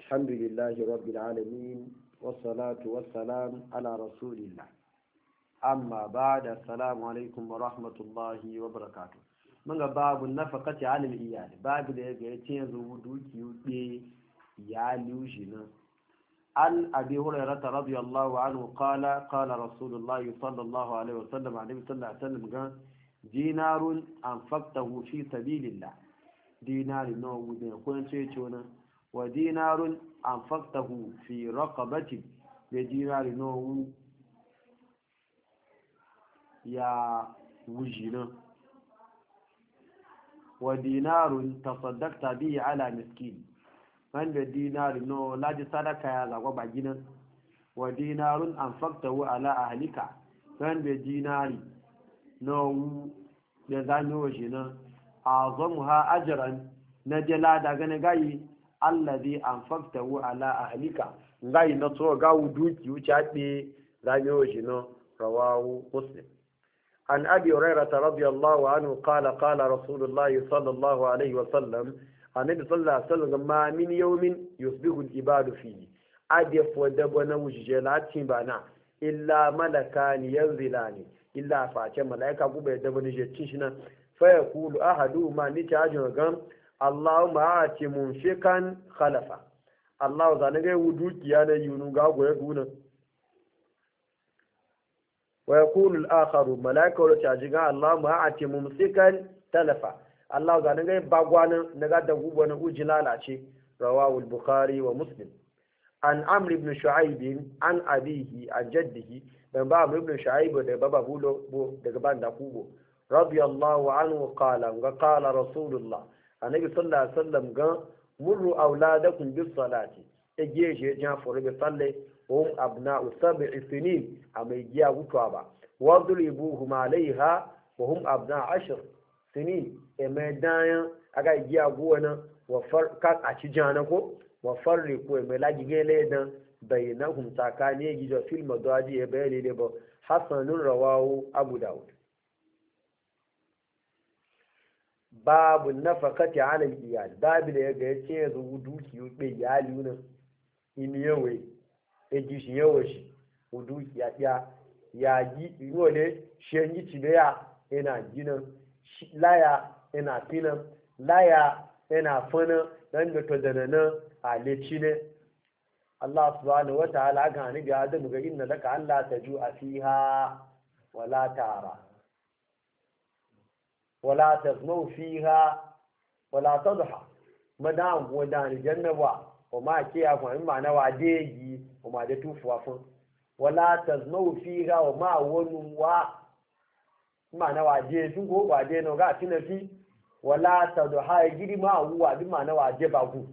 الحمد لله رب العالمين والصلاة والسلام على رسول الله أما بعد السلام عليكم ورحمة الله وبركاته من باب النفقة على الإيال باب ده يتين زودوك يبي يالوجنا عن أبي هريرة رضي الله عنه قال قال رسول الله صلى الله عليه وسلم عليه صلى الله عليه وسلم قال دينار أنفقته في سبيل الله دينار نو ودين كون شيء wa dinarun anfaqtahu fi raqabati bi dinari nawa ya wujina wa dinarun tasaddaqta bihi ala miskin man bi dinari nawa laji sadaka ya zagwa bagina wa dinarun anfaqtahu ala ahlika man bi dinari nawa da zanyo wajina azamuha ajran na jala daga ne gayi allazi anfaqtahu ala ahlika ngai na to ga duki wuce ade zanyo shi no rawahu muslim an abi hurairah radiyallahu anhu qala qala rasulullah sallallahu alaihi wa sallam annabi sallallahu alaihi wa sallam ma min yawmin yusbihu al-ibadu fihi ade fo da bona wuje latin bana illa malakani yanzilani illa face malaika gube da bani je cin shi nan fa yaqulu ahadu ma ni ta ajin gan Allahumma ati kan khalafa Allahu za na gaiwu dukiya na yunu ga goye guna wa yakunu al-akharu malaika wa tajiga Allahumma ati kan talafa Allah za na gai bagwanin na ga dagu wani uji lalace rawahu al-bukhari wa muslim an amr ibn shu'aib an abihi an jaddihi dan ba amr ibn shu'aib da baba bulo daga banda kubo radiyallahu anhu qala qala rasulullah annabi sallallahu alaihi wasallam ga muru auladakum bis salati e giye je jan foro be salle hum abna usabi sinin amai giya gutuwa ba wadribuhum alaiha wa hum abna ashr sinin e medan aga giya guwana wa far kan aci jana ko wa farri ko e mai lagi gele dan bainahum takani gijo fil madaji e bayele ba hasanun rawahu abu daud babu nafakati ala iyal babu da yaga yace yanzu dukiyo yube iyali nan in yawe e ji shi yawe shi wuduki ya ya ya ji ino ne ci daya yana jinan laya yana finan laya yana fana dan da to danana a leci ne Allah subhanahu wataala ga ni ga adam ga inna laka alla taju fiha wala tara wala tasmau fiha wala tadha madan godan jannaba o ma ke ya fa ma na wadeji o ma da tufuwa fun wala tasmau fiha o ma wonu wa ma na waje tun ko waje no ga fi? wala tadha gidi ma wa bi ma na waje ba ku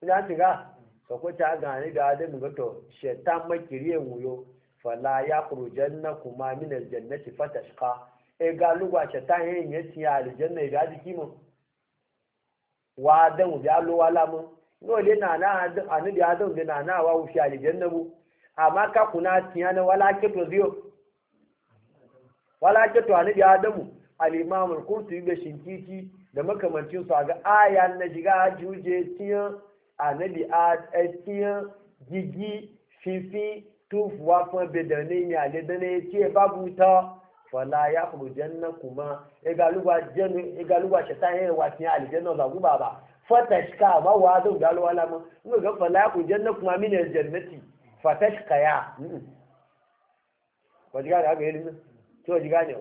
ya tiga to ko ta gani da adam ga to shetan makiriye wuyo fala ya khrujanna kuma min aljannati fatashqa E ga lugwace ta yin ya ci aljanna ya e gaji kimo wa dan da allo wala mu no le na na anu bi adam bi na na wa u fi tiyana wala ke to ziyo wala ke to da makamancin a ga aya na jiga juje tiyan a e fifi tufuwa fún ẹbẹ̀dẹ̀ ní ìyàlẹ́dẹ́ ní bá fala ya kuru janna kuma igaluwa jenu igaluwa shata yin wa tin aljanna za ku baba fatashka ba wa zo galuwa lama ngo ga fala ya kuru janna kuma min aljannati fatashka ya ko diga ga ga ilimi to diga ne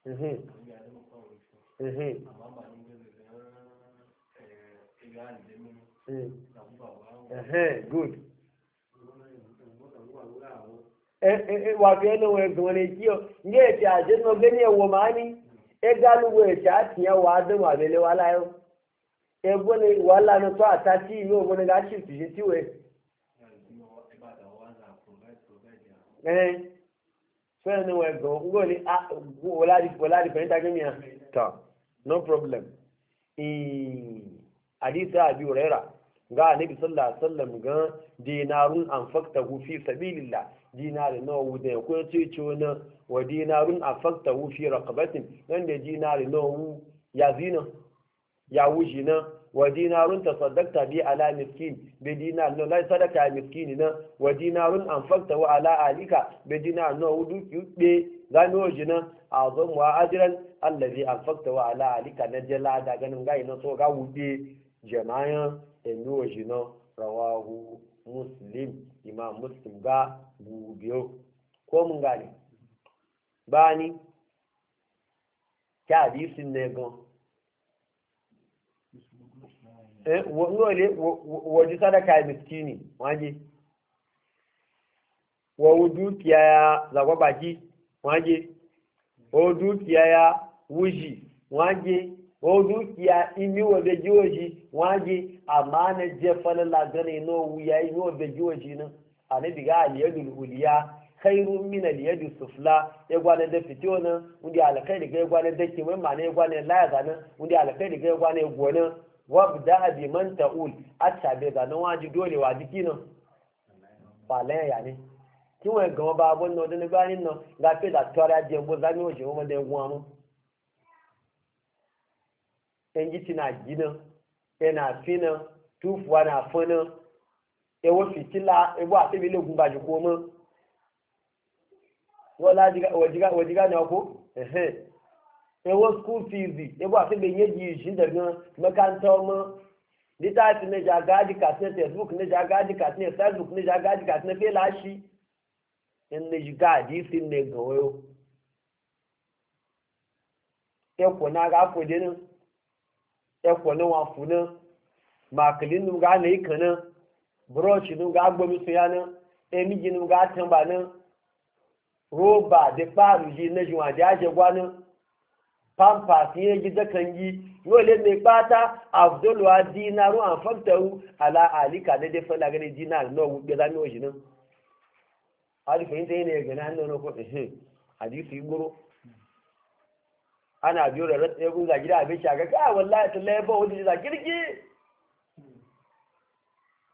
Mm-hmm. Mm-hmm. Hmm. good wato yana wa yanzu wani kiyo ne ya ce a jin no gani yawo mani e galu wa ya ce a tiya wa da ma bele wala yau e gone wala na to a ta ti no gone ga shi ti ti we eh so yana wa go ngoli a wala di wala di penta gemi ta no problem eh hadisi abi huraira ga annabi sallallahu alaihi wasallam ga dinarun anfaqtahu fi sabilillah dinar no wuda ko ce ce wani wa dinarun anfaqtahu fi raqabatin wanda dinar no ya zina ya wuji na wa dinarun tasaddaqta bi ala miskin bi dinar no lai sadaka miskin na wa dinarun anfaqtahu ala alika bi dinar no wudu yube zano jina azam wa ajran allazi anfaqtahu ala alika na da ganin ga na so ga wube jama'a enu wajina rawahu muslim imam muslim ga gubiyo ko mun gani ni ta hadisin ne gan eh wole waje sadaka miskini waje wa dukiya ya zagwa baki waje wa dukiya ya wuji waje ko dukiya imi wa da jiwaji waje amma na jefala lagana no wuya imi wa da jiwaji nan anabi ga aliyadul uliya khairu min aliyadi sufla ya gwana da fitiyo nan wanda alkhairi ga ya gwana da ke mai mana ya gwana laya zanen wanda alkhairi ga ya gwana gonan wabda bi man ta'ul acha be zanen waji dole wa jiki nan ba laya ya ne kin wani gama ba abun nan wani gani nan ga fe da tora je bo zami o je mo da ya gwana mu yan giti na ginan yana finan tufuwa na finan ewo fitila ewo atibi legun baji ko mo wala diga wajiga wajiga na ko ehe ewo school fees ewo atibi yeji jin da gan makanta mo litaati ne ja gaadi katina facebook ne ja gaadi katina facebook ne ja gaadi ne fe laashi en ne ji gaadi si ne gawo yo e ko na ga ko de ẹ̀kọ́ náà wọn fún náà nínú ga lè kàn náà nínú ga gbọ́mí sun ya nínú ga tẹ̀mbà rọ́bà dé yìí àdé pampa fi yẹn jí dẹ́kan yóò lé mi pátá àfdọ́lù wa rún àǹfọ̀ntẹ̀wù àlà àlíkà dédé fẹ́ lágẹ́dẹ́ dínà náà wù gbẹ́dá na òyìn náà. àdìfẹ́yìntẹ́yìn náà ń lọ́nà ana biyo da ratsa ya gunza gida abin shaga ka wallahi tallahi ba wani da girgi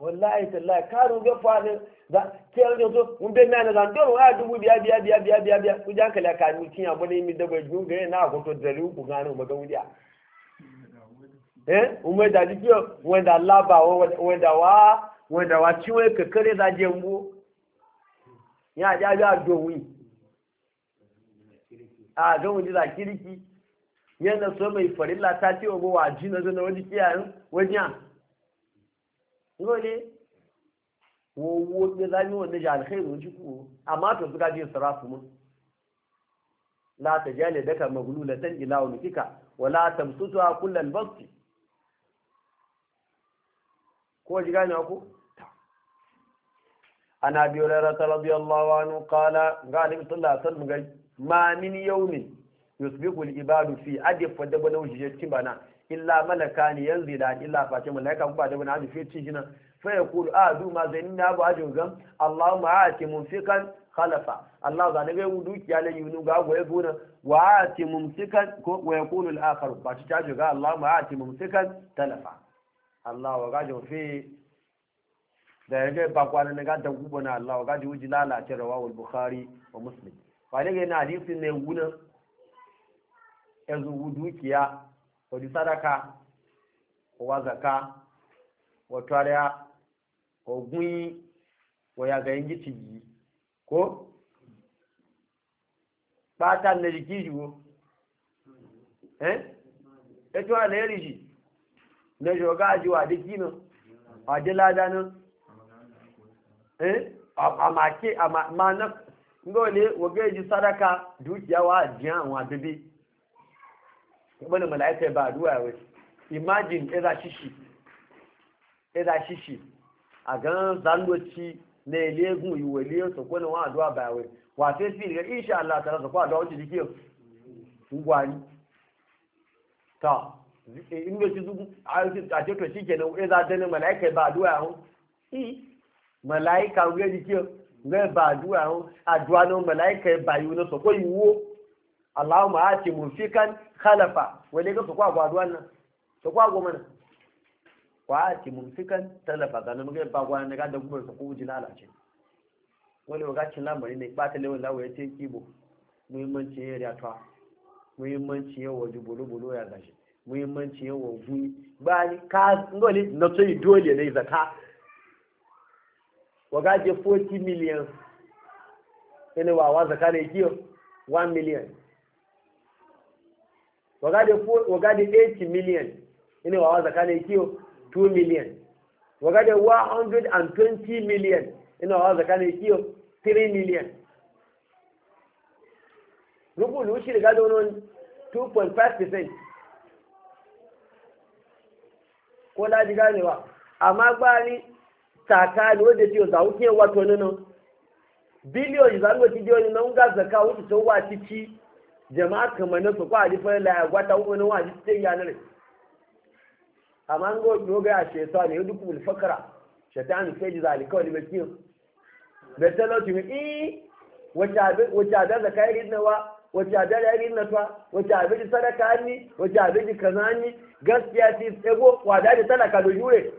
wallahi tallahi ka ruga fara da ke yau yanzu zo mun bai na zan don wa dubu biya biya biya biya biya biya ku jan kala ka ni tiya bane mi da bajun ga na ko to dari ku gano maga wudiya eh umma da dikiyo wanda laba wanda wa wanda wa ciwe ka kare da jembo ya ja ja dowi a ga mun da kirki yana so mai farilla ta ce wa wa ji na zana wajen kiyayen wajen gole wowo ne zami wanda ji alkhairu wajen ku amma to suka je sarafu mun la ta jale daga maglulatan ila wa nukika wa la tamsutuha kullal basti ko ji gane ku ana biyo rarata radiyallahu anhu qala ga alim lasar alaihi wasallam ma min yawmin yusbihul ibadu fi adif wadda bana wujije tibana illa malakani yanzila illa fatima malaika ba da na, adu fi tijina fa yaqulu a ah, du ma zainin na ba ajin gam allahumma ati munfikan khalafa allah ga nabe wudu ya la yunu ga goye gona wa ati munfikan ko wa yaqulu al akhar ba ta tajo ga allahumma ati munfikan talafa allah wa ga jo fi da yake ba kwana ne ga da gubona allah wa ga ji wuji lalace rawahul bukhari wa muslim fa ne ga na hadisin ne guna ezuwu dukiya wadi sadaka wa zaka wa tariya wa gunyi wa yagayin gitigi ko pata na jiki jiwo eh eto aleri ji na joga ji wa diki no wa de lada no eh amake ama manak ngole wage ji sadaka dukiya wa jiyan wa bibi wani mala'ika ba ya wai imajin ira shishi ira shishi a gan zalloci na ilegun iwele su kone wa aduwa ba wai wa fe fi ga insha Allah ta rasa ko addu'a wuce dike ngwani ta inda ci zugu a yi a ce to shikenan eh za ta ne mala'ika ba addu'a hun i mala'ika ga dike ga ba addu'a hun Aduwa no mala'ika ba yi na so ko Allahu ma ati munfikan khalafa wani ga kwa kwa duwan nan to kwa goma mana kwa ati munfikan talafa zan mun ga ba nan ga da gubar su ko jilala ce wani ga cin lamari ne ba ta lewan lawo ya ce kibo muhimmanci ya riya ta muhimmanci ya waje bolo-bolo ya gashi muhimmanci ya waje ni ka ngoli na tsoyi dole ne zaka waga je 40 million ina wa zaka ne kiyo 1 million wagade 80 million ina wawa zakane kiyo 2 million wagade 120 million ina wawa zakane kiyo 3 million rubu lushi da gado non 2.5% ko laji ganewa amma gbani tsakani wadda ce za uke wato nuna biliyon zango ti jiyoyi na nga zaka wuce sun wa ci jama'a kamar na su kwa a jifar laya gwata wani wa ji cikin yanar amma an goyi ya a shesa ne duk kuma fakara shaitan sai ji zalika wani mai kiyon da talauci mai ii wacce adar da kayan rinawa wacce adar ya rinatuwa wacce abin sadaka ni wacce abin kaza ni gaskiya ti tsego wada da talaka da jure.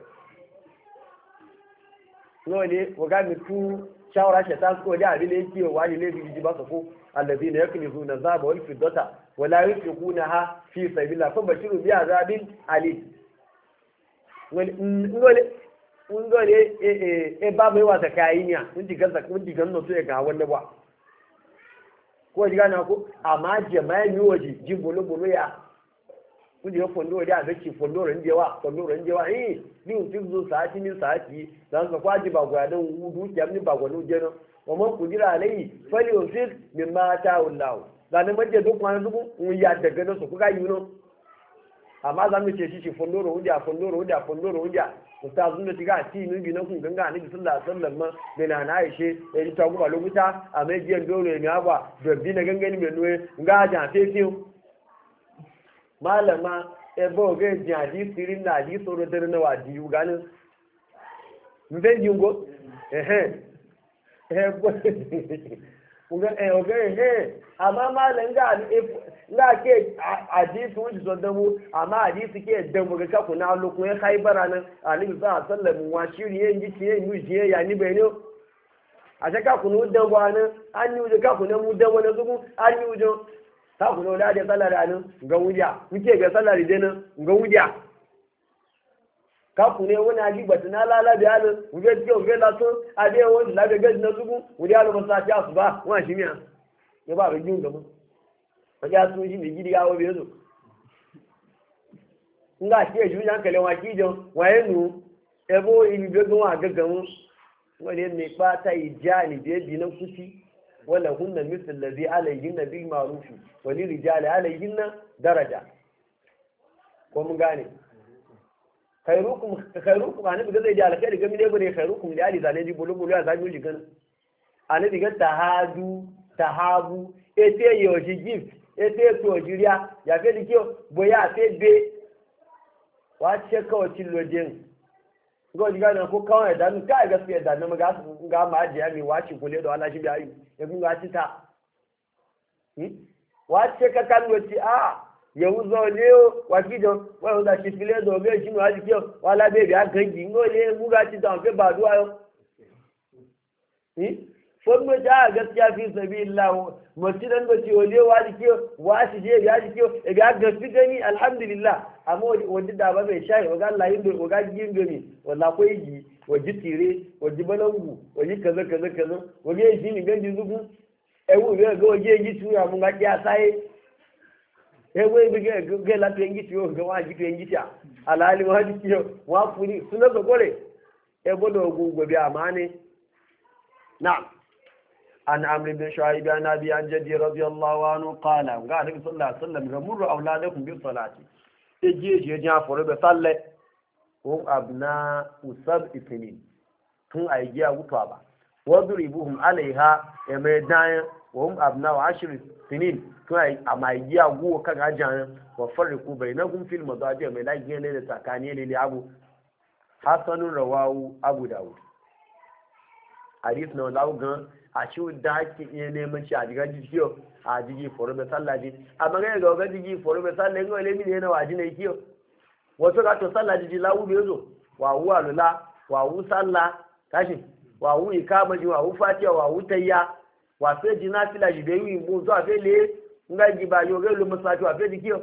Nawa ne, waga tu. shawara shi ta suko da abin da yake wa ne bi ba su ko allazi ne yakni zuna zaba wal fiddata wala yunfiquna ha fi sabilillah fa bashiru bi azabin ali wal ngole ngole e e e ba mai wata kayinya kun ji mun kun ji ganno to ga wanda ba ko ji na ko amma jama'i waje jin bolo bolo ya kuje ya fondo da da ki fondo ranjewa fondo ranjewa eh ni utin zo saati ni saati dan ka kwaji ba gwa dan wudu ki amni ba gwa no jeno wa ku kudira alai fali ma mimma ta'allahu dan ne je do kwana duku un ya daga da su ku ga yuno amma za mu ce shi shi fondo ro uja fondo ro uja fondo ro uja ustaz ne tiga ti ni bi na ku ganga ni sallallahu alaihi wasallam ma da na na aishe da ita ku ba lokuta amma mai jiyan dole ne agwa da bi na ni mai nuwe ga ja fefe malama ebe oge ji aji siri na aji tsoro dare na waji yu ganin mbe ji ngo ehe ebo nga e oge ehe ama malam ga nga ke aji su wuce so damu amma aji su ke damu ga kaku na lokun ya kai bara nan alim za a sallamu wa shiri e e yin ji ciye mu jiye ya ni bene a ta kaku nu damu nan an yi wuce kaku na mu damu na an yi wuce ta ku nola da sallar anin ga wuya muke ga sallar dinin ga wuya ka ku wani aji batu na lala da yanin wuje ce wuje la sun abe wani la da gaji na zugu wuje alu ba sa ta su ba wani shi miya ya ba ga jin gaba ba ya sun shi ne gidi yawo bai zo nga ke ju yan kale wa ki jon wa yenu ebo ibi be gon wa gagamu wani ne pa ta ija ne be bi na kusi wala hunna misl ladhi alayhinna bil ma'ruf wa lil rijali alayhinna daraja ko mun gane khairukum khairukum annabi bi gaza ji khairi gami mine bane khairukum li ali zalaji bulu bulu ya zabi ji gan bi gata hadu tahabu ete ji gif ete to jiria ya fe dikio boya te be wa che ka o ti ga ji gane ko kawai da ni kai gaskiya da ni ga ga ma ji ami wace kule da wala shi bi ayu ya kun ga ci ta hmm? wace ka kan wace a ah, ya uzo ne wa kido wa da shi file do ga shi mu haji kiyo wala be bi a gangi ngole mu ga ci ta fe ba duwa yo hmm? fon mace a gaskiya fi sabi Allah mace dan mace waje wa ji kiyo je ya ji e ga gani alhamdulillah amma wanda da ba bai shayi waga Allah yin bai waga gani ko yi waje tire waje balangu kaza kaza kaza waje shi ni gandi zugu e wu ga ga waje yi tuya mun ga ya sai e wo bi ga ga la yi tuyo ga wa ji to ta alali wa ji wa funi sunan ga gore e bodo gugu bi amane na'am عن عمرو بن شعيب عن أبي عن جدي رضي الله عنه قال قال النبي صلى الله عليه وسلم مروا أولادكم بالصلاة إجيج يجي فرو بصلى هم أبناء سبع سنين tun a yi giya wutuwa ba wadda ribuhun alaiha ya mai dayan wa hum abna wa ashir tun a mai giya guwa kan ajiyan wa farriku bai na kun fil mazaji mai ne da tsakani ne abu rawawu abu dawud hadith na a ci da ake iya neman shi a jiga jikiyo a jigi foro mai sallaji a magana ga wajen jigi foro mai sallaji wani lemi ne na waji na ikiyo wasu ga to sallaji ji lawu bai zo wawu alula wawu salla kashi wawu ikama ji wawu fatiya wawu tayya sai ji na fila ji bai yi mu zuwa fele nga ji ba yau ga lu musafi wafe jikiyo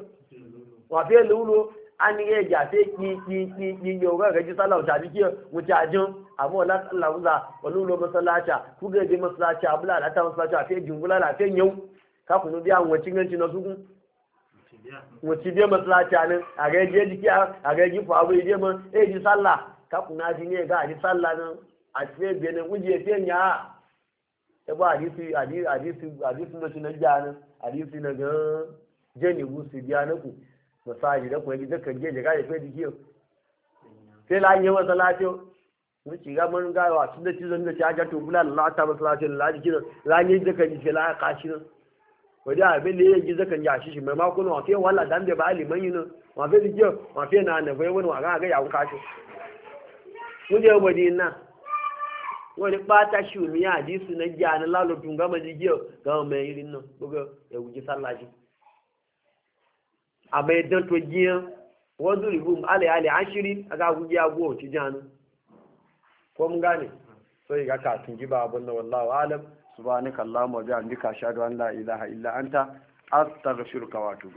wafe lulu an yi ya sai ki ki ki ki yau ga gaji sallah ta biki mutajin amma wala sallah uza wala lo masallaca ku ga je masallaca abula da ta masallaca sai jungula la sai yau ka ku biya wancin ganci na suku wanci biya masallaca nan a ga je jiki a ga ji fa bai je ma eh ji salla ka ku ji ne ga ji salla nan a sai biya nan kuje sai nya ya e ba hadisi hadisi hadisi hadisi na shi na jana hadisi na ga jani gusi biya na ku masaji da kuma gidan kan geje gaje kai dikiyo sai la yi masallaci mun ci ga mun ga wa tunda ci zan da ci aja to bula Allah ta masallaci da ji kidan la yi da kan ji la ka shi nan ko da abin da yake zakan ya shi mai ma kuno afi dan da ba liman yin wa Wafe dikiyo wa fi na na bai wani wa ga ga ya ka shi mun je madina wani bata shi mi ya hadisu na gya na lalo tunga majigiyo ga mai irin nan buga ya wuce sallaci àmọ́ ẹ̀dán tó jíyàn wọ́n dùn ìbùm alẹ́ alẹ́ àṣírí agágúgí agbó òtí jánu ko mun gane so yi ga kafin giba abin da wallahu alam subhanaka allahumma kallama bihamdika ashhadu an la ilaha illa anta astaghfiruka wa atubu